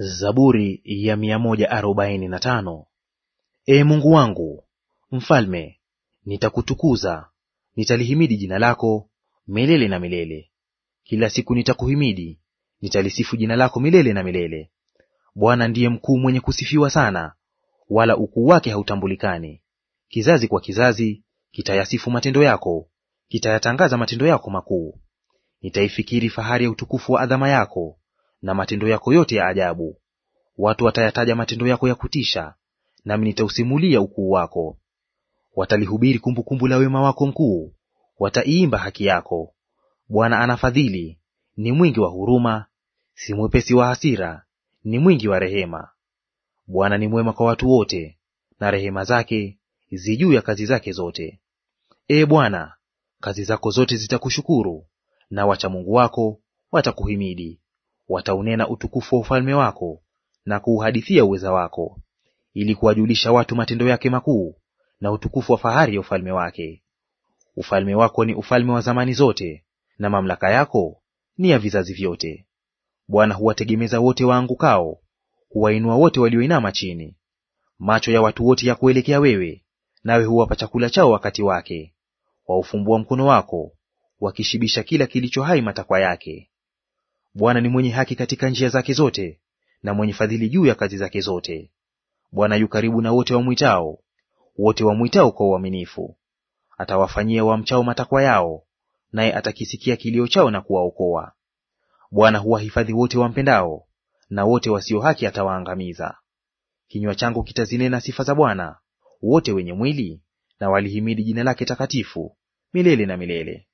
Zaburi ya mia arobaini na tano. Ee Mungu wangu mfalme, nitakutukuza, nitalihimidi jina lako milele na milele. Kila siku nitakuhimidi, nitalisifu jina lako milele na milele. Bwana ndiye mkuu mwenye kusifiwa sana, wala ukuu wake hautambulikani. Kizazi kwa kizazi kitayasifu matendo yako, kitayatangaza matendo yako makuu. Nitaifikiri fahari ya utukufu wa adhama yako, na matendo yako yote ya ajabu. Watu watayataja matendo yako ya kutisha, nami nitausimulia ukuu wako. Watalihubiri kumbukumbu la wema wako mkuu, wataiimba haki yako. Bwana anafadhili, ni mwingi wa huruma, si mwepesi wa hasira, ni mwingi wa rehema. Bwana ni mwema kwa watu wote, na rehema zake zi juu ya kazi zake zote. Ee Bwana, kazi zako zote zitakushukuru, na wacha Mungu wako watakuhimidi wataunena utukufu wa ufalme wako na kuuhadithia uweza wako, ili kuwajulisha watu matendo yake makuu na utukufu wa fahari ya ufalme wake. Ufalme wako ni ufalme wa zamani zote, na mamlaka yako ni ya vizazi vyote. Bwana huwategemeza wote waangukao, huwainua wote walioinama chini. Macho ya watu wote ya kuelekea wewe, nawe huwapa chakula chao wakati wake. Waufumbua mkono wako, wakishibisha kila kilicho hai matakwa yake. Bwana ni mwenye haki katika njia zake zote, na mwenye fadhili juu ya kazi zake zote. Bwana yu karibu na wote wamwitao, wote wamwitao kwa uaminifu. Atawafanyia wamchao matakwa yao, naye atakisikia kilio chao na kuwaokoa. Bwana huwahifadhi wote wampendao, na wote wasio haki atawaangamiza. Kinywa changu kitazinena sifa za Bwana, wote wenye mwili na walihimidi jina lake takatifu milele na milele.